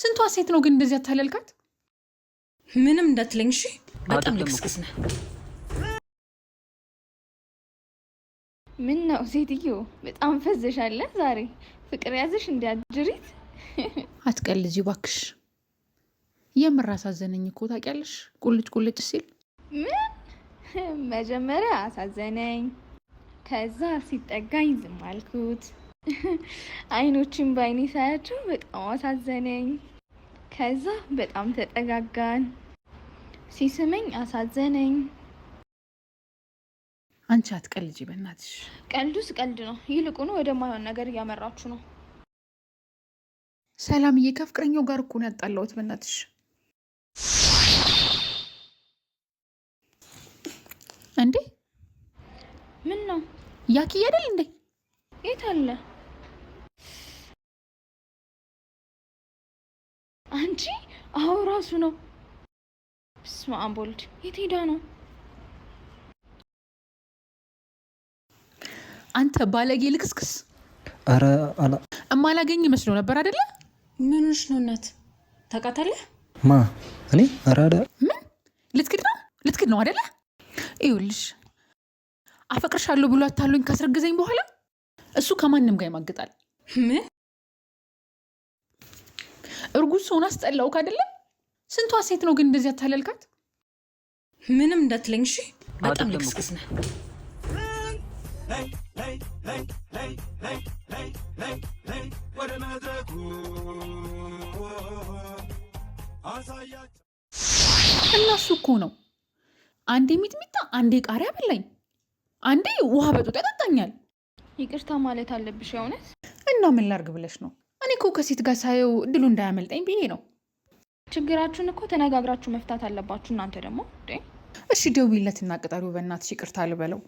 ስንቷ ሴት ነው ግን እንደዚህ አታለልካት? ምንም እንዳትለኝ እሺ። በጣም ልክስክስ ነህ። ምን ነው ሴትዮ፣ በጣም ፈዘሻለ ዛሬ። ፍቅር ያዘሽ እንዲያድሪት። አትቀልጂ እባክሽ። የምር አሳዘነኝ እኮ ታውቂያለሽ፣ ቁልጭ ቁልጭ ሲል ምን መጀመሪያ አሳዘነኝ፣ ከዛ ሲጠጋኝ ዝም አልኩት። አይኖችን በአይኔ ሳያቸው በጣም አሳዘነኝ። ከዛ በጣም ተጠጋጋን። ሲስመኝ አሳዘነኝ። አንቺ አትቀልጂ በእናትሽ። ቀልዱስ ቀልድ ነው። ይልቁኑ ወደማይሆን ነገር እያመራችሁ ነው። ሰላምዬ ከፍቅረኛው ጋር እኮ ነው ያጣላሁት። በእናትሽ እንዴ! ምን ነው ያኪ አይደል እንዴ? የት አለ? አንቺ አሁን ራሱ ነው። ስማ አምቦልድ የት ሄዳ ነው? አንተ ባለጌ ልክስክስ! ኧረ እማላገኝ መስሎ ነበር አይደለ? ምንሽ ነው እናት ታውቃታለህ? ማ እኔ ኧረ ምን ልትክድ ነው ልትክድ ነው አይደለ? ይኸውልሽ አፈቅርሻለሁ ብሎ አታሉኝ ካስረግዘኝ በኋላ እሱ ከማንም ጋር ይማግጣል። ምን እርጉዝ ሰውን አስጠላውክ አይደለም? ስንቷ ሴት ነው ግን እንደዚህ አታለልካት? ምንም እንዳትለኝ እሺ። በጣም ልክስክስ ነህ። እናሱ እኮ ነው አንዴ ሚጥሚጣ፣ አንዴ ቃሪያ በላኝ፣ አንዴ ውሃ በጡጥ ያጠጣኛል። ይቅርታ ማለት አለብሽ የእውነት። እና ምን ላርግ ብለሽ ነው እኮ ከሴት ጋር ሳየው ድሉ እንዳያመልጠኝ ብዬ ነው። ችግራችሁን እኮ ተነጋግራችሁ መፍታት አለባችሁ። እናንተ ደግሞ እሺ፣ ደውይለትና ቅጠሪው። በእናትሽ ይቅርታ ልበለው